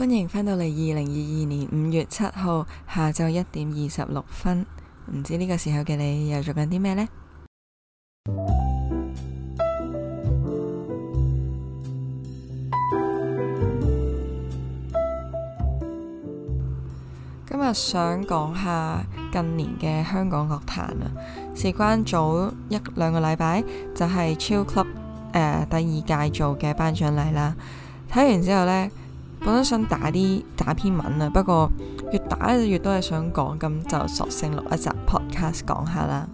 歡迎返到嚟，二零二二年五月七號下晝一點二十六分。唔知呢個時候嘅你又做緊啲咩呢？今日想講下近年嘅香港樂壇啊，事關早一兩個禮拜就係 Chill Club 誒第二屆做嘅頒獎禮啦。睇完之後呢。本身想打啲打篇文啊，不過越打越多嘢想講，咁就索性錄一集 podcast 講下啦。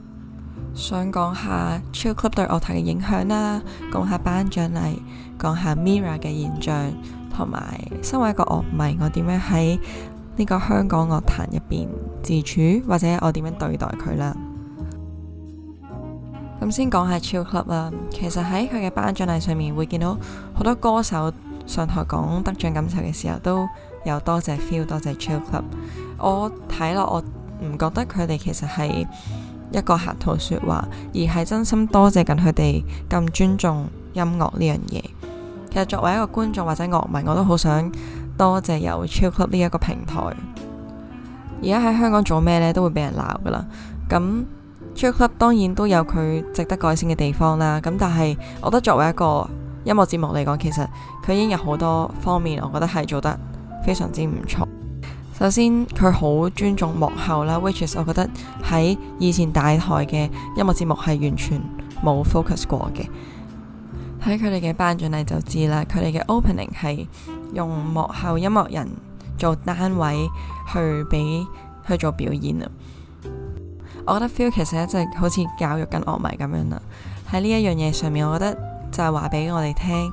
想講下 Chill Club 對樂壇嘅影響啦，講下頒獎禮，講下 Mirror 嘅現象，同埋身為一個樂迷，我點樣喺呢個香港樂壇入邊自處，或者我點樣對待佢啦。咁先講下 Chill Club 啦，其實喺佢嘅頒獎禮上面會見到好多歌手。上台講得獎感受嘅時候都有多謝 feel 多謝 Chill Club，我睇落我唔覺得佢哋其實係一個客套説話，而係真心多謝緊佢哋咁尊重音樂呢樣嘢。其實作為一個觀眾或者樂迷，我都好想多謝有 Chill Club 呢一個平台。而家喺香港做咩呢，都會俾人鬧噶啦。咁 Chill Club 當然都有佢值得改善嘅地方啦。咁但係我覺得作為一個音樂節目嚟講，其實佢已經有好多方面，我覺得係做得非常之唔錯。首先，佢好尊重幕後啦，which is 我覺得喺以前大台嘅音樂節目係完全冇 focus 過嘅。喺佢哋嘅頒獎禮就知啦，佢哋嘅 opening 係用幕後音樂人做單位去俾去做表演啊。我覺得 feel 其實一直好似教育緊樂迷咁樣啦。喺呢一樣嘢上面，我覺得，就係話俾我哋聽，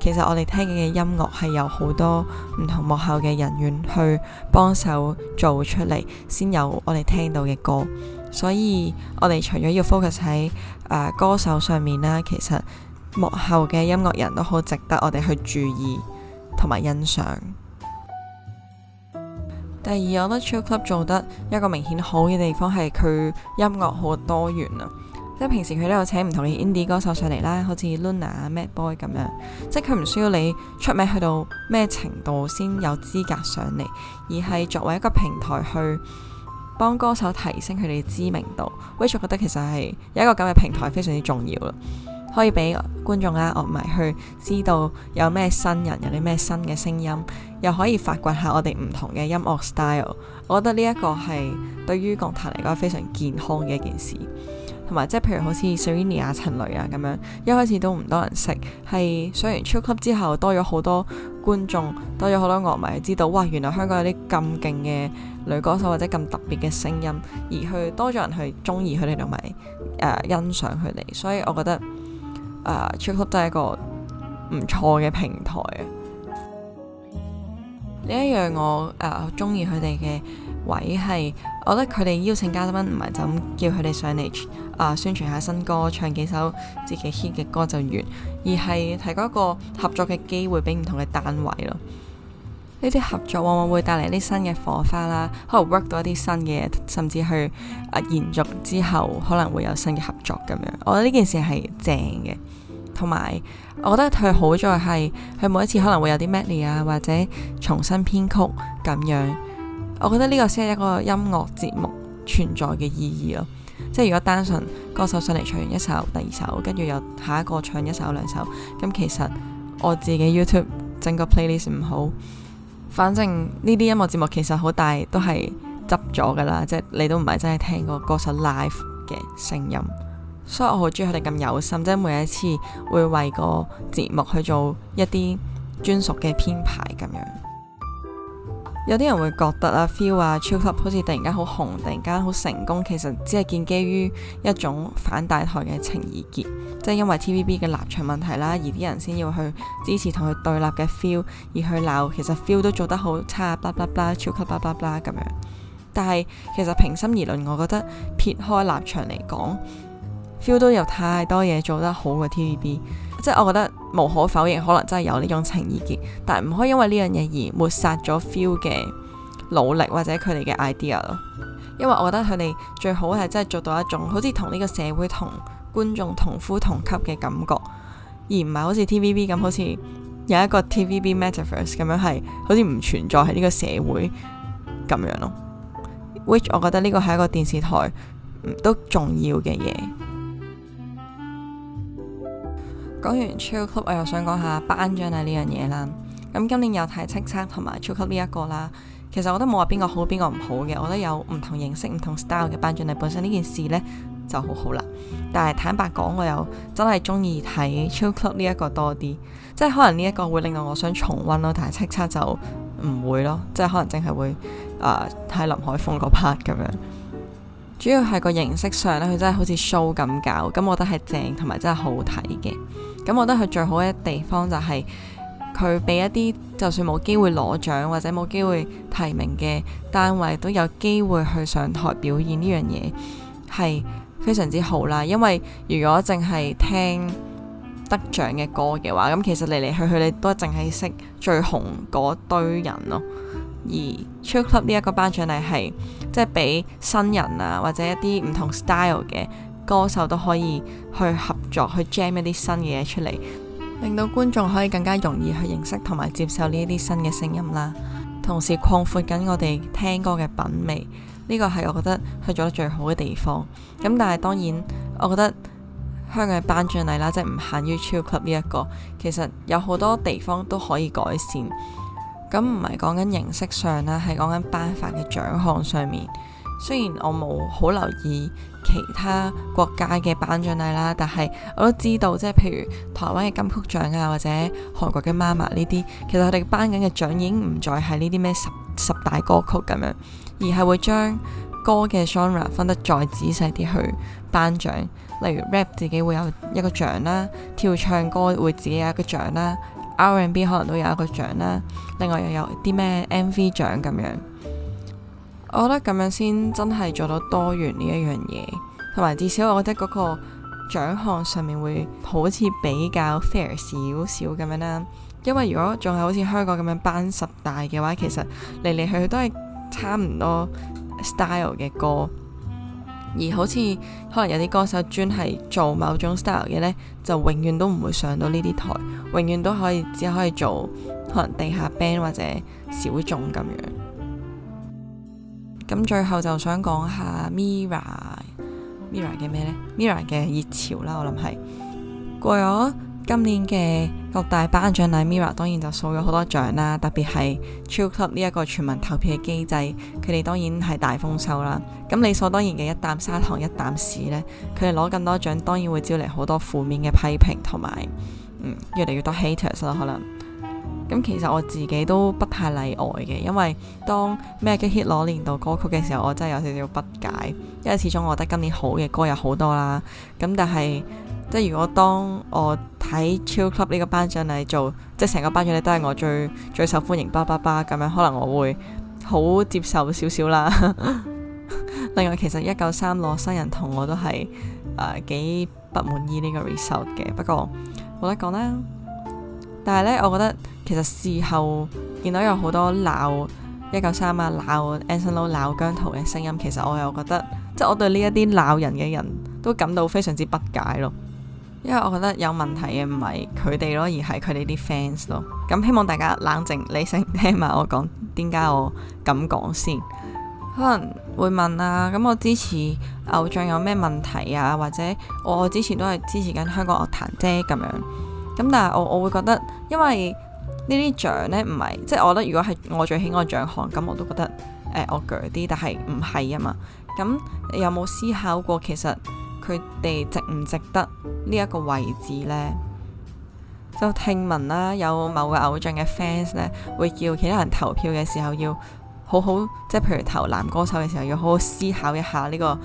其實我哋聽緊嘅音樂係有好多唔同幕後嘅人員去幫手做出嚟，先有我哋聽到嘅歌。所以我哋除咗要 focus 喺誒、呃、歌手上面啦，其實幕後嘅音樂人都好值得我哋去注意同埋欣賞。第二，我覺得 Chill Club 做得一個明顯好嘅地方係佢音樂好多元啊。即係平時佢都有請唔同嘅 indie 歌手上嚟啦，好似 Luna 啊、Mad Boy 咁樣，即係佢唔需要你出名去到咩程度先有資格上嚟，而係作為一個平台去幫歌手提升佢哋嘅知名度。which 我覺得其實係有一個咁嘅平台非常之重要啦，可以俾觀眾啊、樂迷去知道有咩新人，有啲咩新嘅聲音，又可以發掘下我哋唔同嘅音樂 style。我覺得呢一個係對於港壇嚟講係非常健康嘅一件事。同埋即係譬如好似 Serrini 啊、陳蕾啊咁樣，一開始都唔多人識，係上完 Chill Club 之後多咗好多觀眾，多咗好多樂迷知道，哇！原來香港有啲咁勁嘅女歌手或者咁特別嘅聲音，而去多咗人去中意佢哋同埋誒欣賞佢哋，所以我覺得誒 Chill Club 都係一個唔錯嘅平台啊！呢一樣我誒中意佢哋嘅位係，我覺得佢哋邀請嘉賓唔係就咁叫佢哋上嚟誒、uh, 宣傳下新歌，唱幾首自己 hit 嘅歌就完，而係提供一個合作嘅機會俾唔同嘅單位咯。呢啲合作往往會帶嚟啲新嘅火花啦，可能 work 到一啲新嘅嘢，甚至去誒、uh, 延續之後可能會有新嘅合作咁樣。我覺得呢件事係正嘅。同埋，我覺得佢好在係佢每一次可能會有啲 medley 啊，或者重新編曲咁樣。我覺得呢個先係一個音樂節目存在嘅意義咯、啊。即係如果單純歌手上嚟唱完一首、第二首，跟住又下一個唱一首兩首，咁其實我自己 YouTube 整個 playlist 唔好。反正呢啲音樂節目其實好大都係執咗㗎喇，即係你都唔係真係聽過歌手 live 嘅聲音。所以我好中意佢哋咁有心，即係每一次會為個節目去做一啲專屬嘅編排咁樣。有啲人會覺得啊 ，feel 啊，Chill Club 好似突然間好紅，突然間好成功。其實只係建基於一種反大台嘅情意結，即係因為 T V B 嘅立場問題啦，而啲人先要去支持同佢對立嘅 feel，而去鬧。其實 feel 都做得好差，巴拉巴拉，Chill Club 巴拉巴拉咁樣。但係其實平心而論，我覺得撇開立場嚟講。feel 都有太多嘢做得好嘅 TVB，即係我覺得無可否認，可能真係有呢種情意結，但係唔可以因為呢樣嘢而抹殺咗 feel 嘅努力或者佢哋嘅 idea 咯。因為我覺得佢哋最好係真係做到一種好似同呢個,個社會、同觀眾、同呼同吸嘅感覺，而唔係好似 TVB 咁，好似有一個 TVB metaverse 咁樣係好似唔存在喺呢個社會咁樣咯。Which 我覺得呢個係一個電視台都重要嘅嘢。講完超 c 我又想講下頒獎禮呢樣嘢啦。咁今年又睇叱咤同埋超 c 呢一個啦。其實我都冇話邊個好邊個唔好嘅，我都有唔同形式、唔同 style 嘅頒獎禮。本身呢件事呢就好好啦。但係坦白講，我又真係中意睇超 c 呢一個多啲。即係可能呢一個會令到我想重溫咯，但係叱咤就唔會咯。即係可能淨係會誒睇、呃、林海峰嗰 part 咁樣。主要係個形式上咧，佢真係好似 show 咁搞，咁我覺得係正，同埋真係好睇嘅。咁我覺得佢最好嘅地方就係佢俾一啲就算冇機會攞獎或者冇機會提名嘅單位都有機會去上台表演呢樣嘢，係非常之好啦。因為如果淨係聽得獎嘅歌嘅話，咁其實嚟嚟去去你都淨係識最紅嗰堆人咯。而 Chill Club 呢一個頒獎禮係即係俾新人啊，或者一啲唔同 style 嘅歌手都可以去合作去 jam 一啲新嘅嘢出嚟，令到觀眾可以更加容易去認識同埋接受呢一啲新嘅聲音啦。同時擴闊緊我哋聽歌嘅品味，呢個係我覺得去做得最好嘅地方。咁但係當然，我覺得香港嘅頒獎禮啦，即係唔限於 Chill Club 呢一個，其實有好多地方都可以改善。咁唔係講緊形式上啦，係講緊頒發嘅獎項上面。雖然我冇好留意其他國家嘅頒獎禮啦，但係我都知道，即係譬如台灣嘅金曲獎啊，或者韓國嘅 MAMA 呢啲，其實佢哋頒緊嘅獎已經唔再係呢啲咩十十大歌曲咁樣，而係會將歌嘅 genre 分得再仔細啲去頒獎。例如 rap 自己會有一個獎啦，跳唱歌會自己有一個獎啦。R&B 可能都有一個獎啦，另外又有啲咩 MV 獎咁樣，我覺得咁樣先真係做到多元呢一樣嘢，同埋至少我覺得嗰個獎項上面會好似比較 fair 少少咁樣啦，因為如果仲係好似香港咁樣頒十大嘅話，其實嚟嚟去去都係差唔多 style 嘅歌。而好似可能有啲歌手專係做某種 style 嘅呢，就永遠都唔會上到呢啲台，永遠都可以只可以做可能地下 band 或者小眾咁樣。咁最後就想講下 Mirror，Mirror 嘅咩呢？Mirror 嘅熱潮啦，我諗係過咗。今年嘅各大頒獎禮，Mirror 當然就掃咗好多獎啦。特別係 Chill Club 呢一個全民投票嘅機制，佢哋當然係大豐收啦。咁理所當然嘅一啖砂糖一啖屎呢，佢哋攞咁多獎，當然會招嚟好多負面嘅批評同埋，嗯，越嚟越多 haters 咯。可能咁其實我自己都不太例外嘅，因為當 Make a Hit 攞年度歌曲嘅時候，我真係有少少不解，因為始終我覺得今年好嘅歌有好多啦。咁但係即係如果當我睇 Chill Club 呢個頒獎禮做，做即係成個頒獎禮都係我最最受歡迎巴巴巴咁樣，可能我會好接受少少啦。 另外，其實一九三攞新人同我都係誒、呃、幾不滿意呢個 result 嘅，不過冇得講啦。但係呢，我覺得其實事後見到有好多鬧一九三啊、鬧 Anson Lo、鬧姜濤嘅聲音，其實我又覺得即係我對呢一啲鬧人嘅人都感到非常之不解咯。因為我覺得有問題嘅唔係佢哋咯，而係佢哋啲 fans 咯。咁希望大家冷靜理性聽埋我講點解我咁講先。可能會問啊，咁我支持偶像有咩問題啊？或者我，我之前都係支持緊香港樂壇啫咁樣。咁但係我我會覺得，因為呢啲獎呢唔係，即係我覺得如果係我最喜愛獎項，咁我都覺得誒、欸、我鋸啲，但係唔係啊嘛。咁你有冇思考過其實？佢哋值唔值得呢一個位置呢，就聽聞啦，有某個偶像嘅 fans 咧，會叫其他人投票嘅時候，要好好即係譬如投男歌手嘅時候，要好好思考一下呢個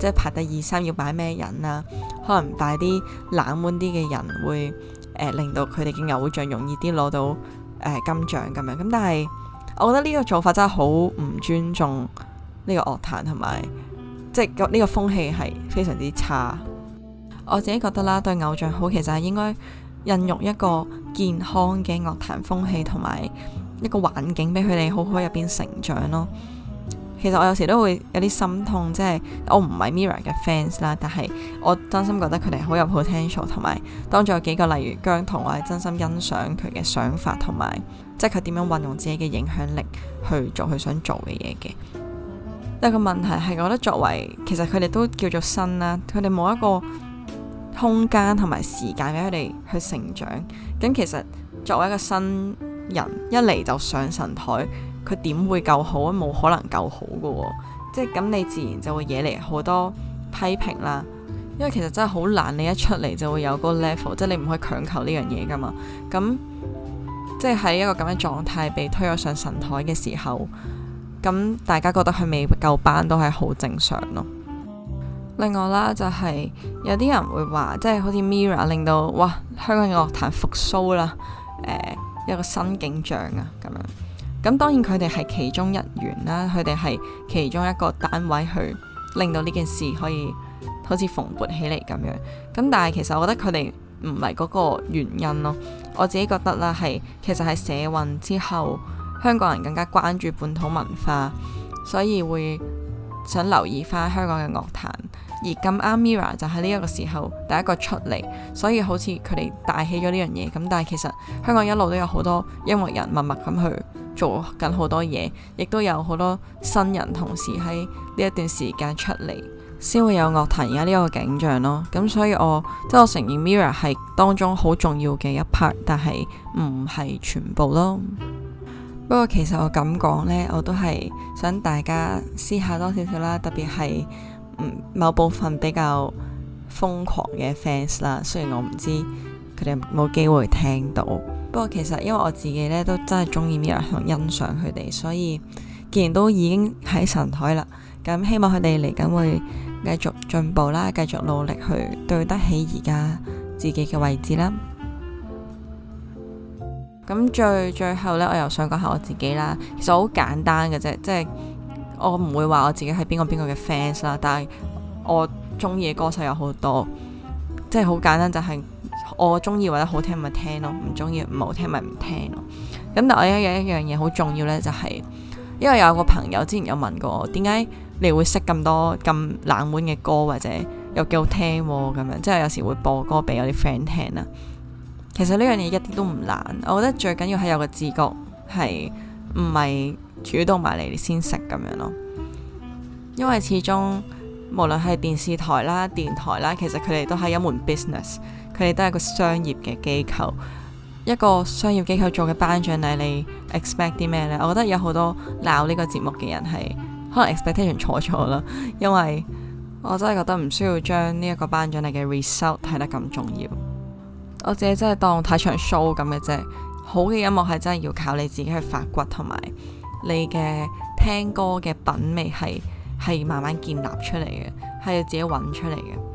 即係排第二、三要擺咩人啊？可能擺啲冷門啲嘅人，會、呃、令到佢哋嘅偶像容易啲攞到、呃、金獎咁樣。咁但係，我覺得呢個做法真係好唔尊重呢個樂壇同埋。即係呢，這個風氣係非常之差，我自己覺得啦，對偶像好，其實係應該孕育一個健康嘅樂壇風氣同埋一個環境俾佢哋好好入邊成長咯。其實我有時都會有啲心痛，即係我唔係 Mirror 嘅 fans 啦，但係我真心覺得佢哋好有 potential，同埋當中有幾個例如姜濤，我係真心欣賞佢嘅想法同埋即係佢點樣運用自己嘅影響力去做佢想做嘅嘢嘅。但個問題係，我覺得作為其實佢哋都叫做新啦、啊，佢哋冇一個空間同埋時間俾佢哋去成長。咁其實作為一個新人，一嚟就上神台，佢點會夠好啊？冇可能夠好噶喎！即係咁，你自然就會惹嚟好多批評啦。因為其實真係好難，你一出嚟就會有嗰個 level，即係你唔可以強求呢樣嘢噶嘛。咁即係喺一個咁嘅狀態被推咗上神台嘅時候。咁大家覺得佢未夠班都係好正常咯。另外啦，就係有啲人會話，即係好似 Mirror 令到哇，香港嘅樂壇復甦啦，呃，一個新景象啊咁樣。咁當然佢哋係其中一員啦，佢哋係其中一個單位去令到呢件事可以好似蓬勃起嚟咁樣。咁但係其實我覺得佢哋唔係嗰個原因咯。我自己覺得啦，係其實係社運之後。香港人更加關注本土文化，所以會想留意返香港嘅樂壇。而咁啱 Mirror 就喺呢一個時候第一個出嚟，所以好似佢哋帶起咗呢樣嘢。咁但係其實香港一路都有好多音樂人默默咁去做緊好多嘢，亦都有好多新人同時喺呢一段時間出嚟，先會有樂壇而家呢一個景象咯。咁所以我即係、就是、我承認 Mirror 係當中好重要嘅一 part，但係唔係全部咯。不過其實我咁講呢，我都係想大家思考多少少啦，特別係某部分比較瘋狂嘅 fans 啦。雖然我唔知佢哋冇機會聽到，不過其實因為我自己呢都真係中意呢一行，欣賞佢哋，所以既然都已經喺神台啦，咁希望佢哋嚟緊會繼續進步啦，繼續努力去對得起而家自己嘅位置啦。咁最最後呢，我又想講下我自己啦。其實好簡單嘅啫，即係我唔會話我自己係邊個邊個嘅 fans 啦。但係我中意嘅歌手有好多，即係好簡單，就係、是、我中意或者好聽咪聽咯，唔中意唔好聽咪唔聽咯。咁但係我有一一樣嘢好重要呢、就是，就係因為有個朋友之前有問過我，點解你會識咁多咁冷門嘅歌，或者又幾好聽咁樣，即係有時會播歌俾我啲 friend 聽啦。其實呢樣嘢一啲都唔難，我覺得最緊要係有個自覺，係唔係煮到埋嚟你先食咁樣咯。因為始終無論係電視台啦、電台啦，其實佢哋都係一門 business，佢哋都係個商業嘅機構。一個商業機構做嘅頒獎禮，你 expect 啲咩呢？我覺得有好多鬧呢個節目嘅人係可能 expectation 錯咗啦，因為我真係覺得唔需要將呢一個頒獎禮嘅 result 睇得咁重要。我自己真係當睇場 show 咁嘅啫，好嘅音樂係真係要靠你自己去發掘，同埋你嘅聽歌嘅品味係係慢慢建立出嚟嘅，係要自己揾出嚟嘅。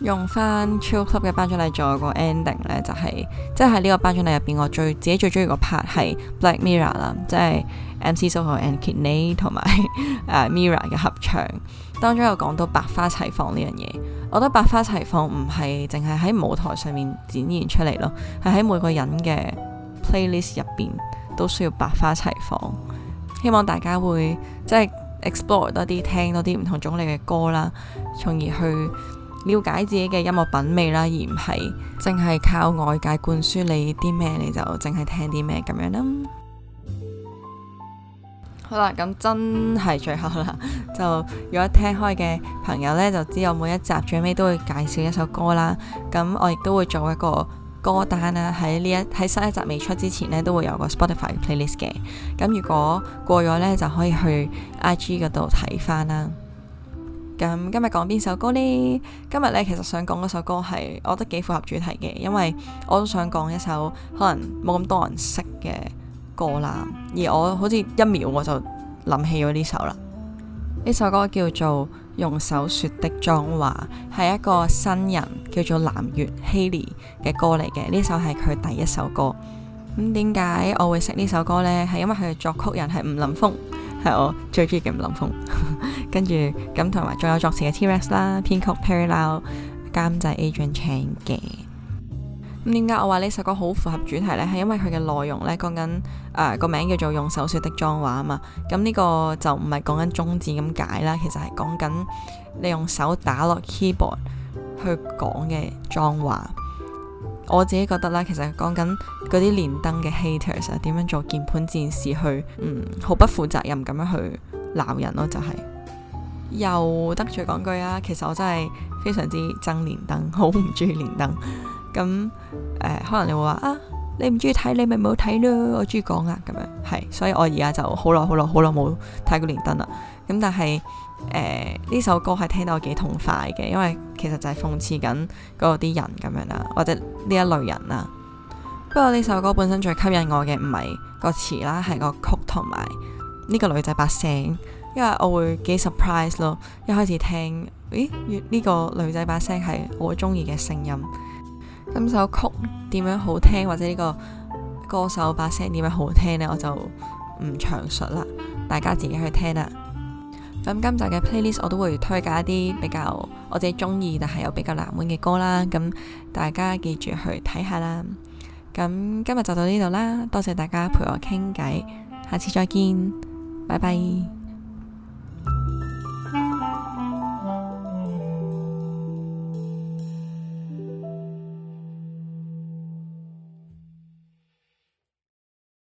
用翻 Chill Club 嘅頒獎禮作個 ending 呢就係即係喺呢個頒獎禮入邊，我最自己最中意個 part 係 Black Mirror 啦、so，即係 MC Soho and Kidney 同埋、啊、Mirror 嘅合唱當中，有講到百花齊放呢樣嘢，我覺得百花齊放唔係淨係喺舞台上面展現出嚟咯，係喺每個人嘅 playlist 入邊都需要百花齊放。希望大家會即係、就是、explore 多啲，聽多啲唔同種類嘅歌啦，從而去，了解自己嘅音樂品味啦，而唔係淨係靠外界灌輸你啲咩，你就淨係聽啲咩咁樣啦。 好啦，咁真係最後啦， 就如果聽開嘅朋友呢，就知我每一集最尾都會介紹一首歌啦。咁我亦都會做一個歌單啦，喺呢一喺新一集未出之前呢，都會有個 Spotify playlist 嘅。咁如果過咗呢，就可以去 IG 度睇翻啦。咁今日講邊首歌呢？今日咧，其實想講嗰首歌係，我覺得幾符合主題嘅，因為我都想講一首可能冇咁多人識嘅歌啦。而我好似一秒我就諗起咗呢首啦。呢首歌叫做《用手說的髒話》，係一個新人叫做藍月希 a 嘅歌嚟嘅。呢首係佢第一首歌。咁點解我會識呢首歌呢？係因為佢嘅作曲人係吳林峰。係我最中意嘅林峰， 跟住咁同埋仲有，有作詞嘅 Teres 啦，ex，編曲 Paralow，監製 Agent Chan 嘅。咁點解我話呢首歌好符合主題呢？係因為佢嘅內容呢，講緊誒個名叫做用手説的髒話啊嘛。咁呢個就唔係講緊中字咁解啦，其實係講緊你用手打落 keyboard 去講嘅髒話。我自己覺得啦，其實講緊嗰啲連登嘅 haters 點樣做鍵盤戰士去，嗯，好不負責任咁樣去鬧人咯、啊，就係、是、又得罪講句啊，其實我真係非常之憎連登，好唔中意連登，咁 誒、呃，可能你會話啊，你唔中意睇，你咪冇睇咯。我中意講啊，咁樣係，所以我而家就好耐好耐好耐冇睇過連登啦，呃。咁但係，誒呢首歌係聽到我幾痛快嘅，因為其實就係諷刺緊嗰啲人咁樣啦，或者呢一類人啦。不過呢首歌本身最吸引我嘅唔係個詞啦，係個曲同埋呢個女仔把聲，因為我會幾 surprise 咯。一開始聽，咦呢，這個女仔把聲係我中意嘅聲音。今首曲點樣好聽，或者呢個歌手把聲點樣好聽呢？我就唔詳述啦，大家自己去聽啦。咁今集嘅 playlist 我都會推介一啲比較我自己中意但係又比較難搵嘅歌啦，咁大家記住去睇下啦。咁今日就到呢度啦，多謝大家陪我傾偈，下次再見，拜拜。